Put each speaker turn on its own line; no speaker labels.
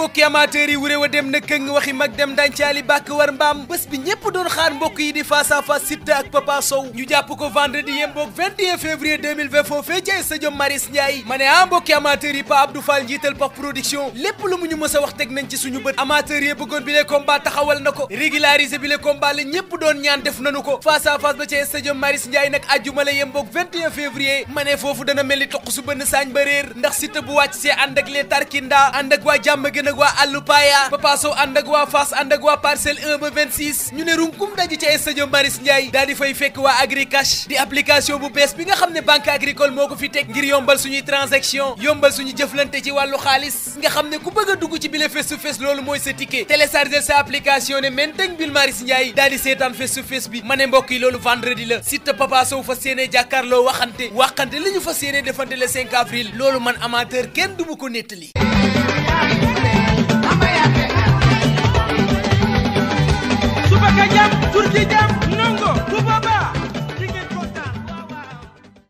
mbokki amateur yi wuré wa dem na këng waxi mag dem dañ caali bàkk war mbaam bés bi ñépp doon xaar mbokk yi di face à face ak Papa Sow ñu jàpp ko vendredi yemboog 21 février 2020 foofee ca stadium Marius Ndiaye ma ne ah mbokki amateur Pa Abdou njiital Paf Production lépp lu mu ñu mës wax teg nañ ci suñu bët amateur yi bëggoon bi taxawal na ko régulariser bi le combat la ñépp doon ñaan def nanu ko face à ba ca stadium Marius Ndiaye ma ne foofu dana mel ni su bënn saañ ba réer ndax Siteu bu wàcc ak waa àllu paya Papa Sow ànd ak parcelle 1 ba 26 ñu ne rumkum daje ca stade Maris Ndiaye daal di fay fekk waa Agricash di application bu bees bi nga xam ne banque agricole moo ko fi teg ngir yombal suñuy transaction yombal su suñu jëflante ci wàllu xaalis nga xam ne ku bëgg dugg ci bile face to face loolu mooy sa ticket télécharger sa application ne mainten bil Maris Ndiaye daal di seetaan face to face bi ma ne mbokk yi loolu vendredi la site Papa Sow fas yéene jàkkaarloo waxante waxante li ñu fas yéene loolu man amateur kenn du mu ko nettali
ci jàmm